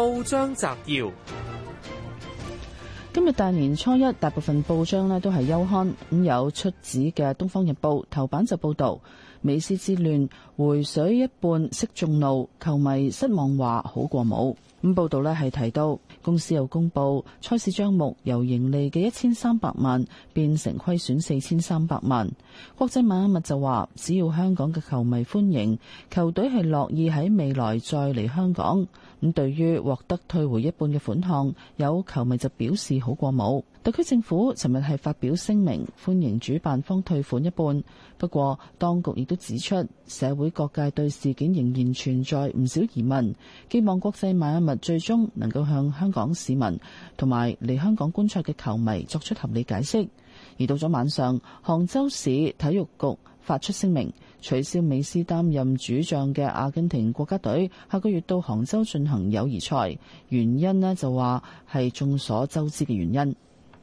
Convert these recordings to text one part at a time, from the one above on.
報章摘要：今日大年初一，大部分報章呢都係休刊，咁有出紙嘅《東方日報》頭版就報道。美斯之亂回水一半息眾怒，球迷失望話好過冇咁報道呢係提到公司又公布賽事賬目由盈利嘅一千三百萬變成虧損四千三百萬。國際邁阿密就話只要香港嘅球迷歡迎球隊係樂意喺未來再嚟香港咁，對於獲得退回一半嘅款項，有球迷就表示好過冇。特區政府尋日係發表聲明，歡迎主辦方退款一半。不過，當局亦都指出，社會各界對事件仍然存在唔少疑問，希望國際邁阿密最終能夠向香港市民同埋嚟香港觀賽嘅球迷作出合理解釋。而到咗晚上，杭州市體育局發出聲明，取消美斯擔任主將嘅阿根廷國家隊下個月到杭州進行友誼賽，原因呢，就話係眾所周知嘅原因。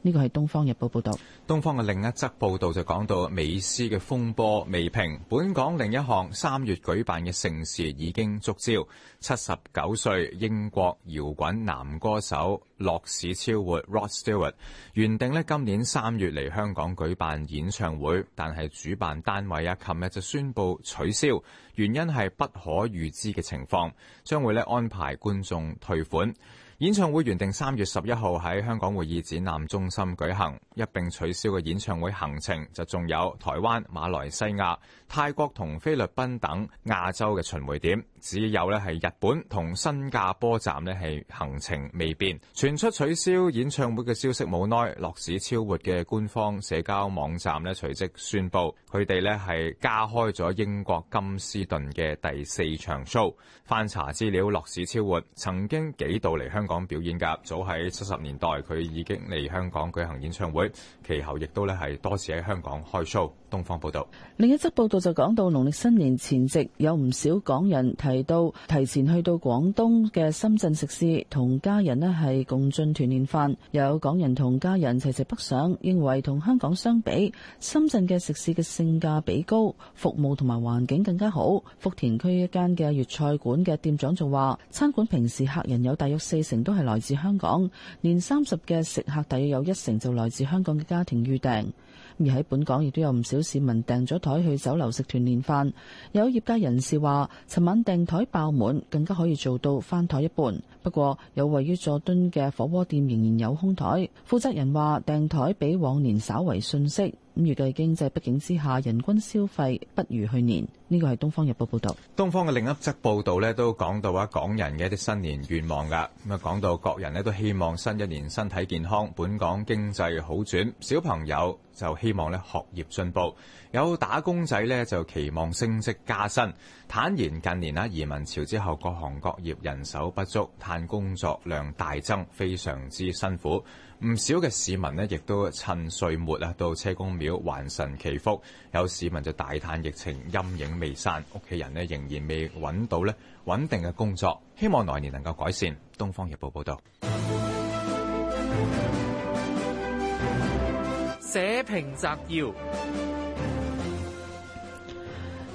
呢個係《東方日報》報導。東方嘅另一則報導就講到美斯嘅風波未平，本港另一項三月舉辦嘅盛事已經觸礁，七十九歲英國搖滾男歌手樂史超活 （Rod Stewart） 原定今年三月嚟香港舉辦演唱會，但係主辦單位啊，琴日就宣布取消，原因係不可預知嘅情況，將會咧安排觀眾退款。演唱會原定三月十一號喺香港會議展覽中心舉行，一並取消嘅演唱會行程就仲有台灣、馬來西亞、泰國同菲律賓等亞洲嘅巡迴點，只有呢係日本同新加坡站呢係行程未變。傳出取消演唱會嘅消息冇耐，樂史超活嘅官方社交網站呢隨即宣佈，佢哋呢係加開咗英國金斯頓嘅第四場 show。翻查資料，樂史超活曾經幾度嚟香港表演嘅，早喺七十年代佢已經嚟香港舉行演唱會，其後亦都咧係多次喺香港開 show。東方報道，另一則報道就講到農曆新年前夕，有唔少港人提到提前去到廣東嘅深圳食肆同家人咧係共進團年飯。又有港人同家人齊齊北上，認為同香港相比，深圳嘅食肆嘅性價比高，服務同埋環境更加好。福田區一間嘅粵菜館嘅店長仲話，餐館平時客人有大約四成。都係來自香港，年三十嘅食客大約有一成就來自香港嘅家庭預訂。而喺本港亦都有唔少市民訂咗台去酒樓食團年飯。有業界人士話，尋晚訂台爆滿，更加可以做到翻台一半。不過，有位於佐敦嘅火鍋店仍然有空台。負責人話，訂台比往年稍為遜色。預計嘅經濟不景之下，人均消費不如去年。呢個係《東方日報》報導。東方嘅另一則報導呢，都講到啊，港人嘅一啲新年願望嘅。咁啊，講到各人呢，都希望新一年身體健康，本港經濟好轉，小朋友就希望咧學業進步，有打工仔呢，就期望升職加薪。坦言近年啊，移民潮之後，各行各業人手不足，但工作量大增，非常之辛苦。唔少嘅市民呢，亦都趁歲末啊，到車公廟還神祈福。有市民就大嘆疫情陰影未散，屋企人呢，仍然未揾到呢穩定嘅工作，希望來年能夠改善。《東方日報》報道。社評摘要。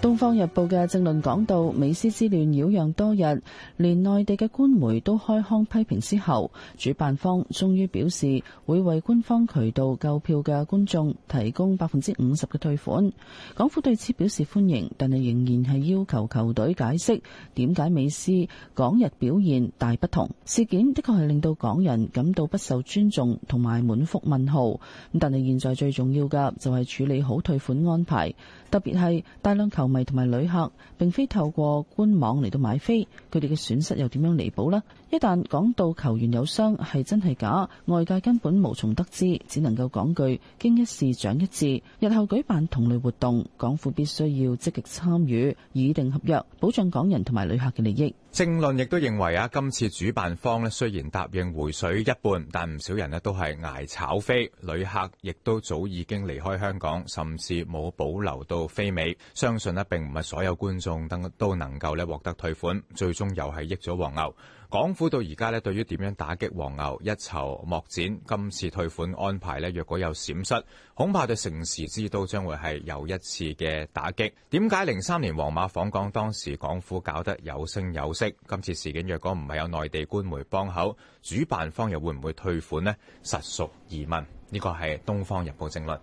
《東方日報》嘅政論講到美斯之亂擾攘多日，連內地嘅官媒都開腔批評之後，主辦方終於表示會為官方渠道購票嘅觀眾提供百分之五十嘅退款。港府對此表示歡迎，但係仍然係要求球隊解釋點解美斯港日表現大不同。事件的確係令到港人感到不受尊重同埋滿腹問號。咁但係現在最重要嘅就係處理好退款安排，特別係大量球，同埋旅客，並非透過官網嚟到買飛，佢哋嘅損失又點樣彌補咧？一旦講到球員有傷，係真係假，外界根本無從得知，只能夠講句：經一事長一智，日後舉辦同類活動，港府必須要積極參與，擬定合約，保障港人同埋旅客嘅利益。政論亦都認為啊，今次主辦方咧雖然答應回水一半，但唔少人咧都係挨炒飛，旅客亦都早已經離開香港，甚至冇保留到飛尾，相信呢並唔係所有觀眾都都能夠咧獲得退款，最終又係益咗黃牛。港府到而家咧對於點樣打擊黃牛一籌莫展，今次退款安排咧若果有閃失，恐怕對盛事之都將會係又一次嘅打擊。點解零三年皇馬訪港，當時港府搞得有聲有色，今次事件若果唔係有內地官媒幫口，主辦方又會唔會退款呢？實屬疑問。呢個係《東方日報》正論。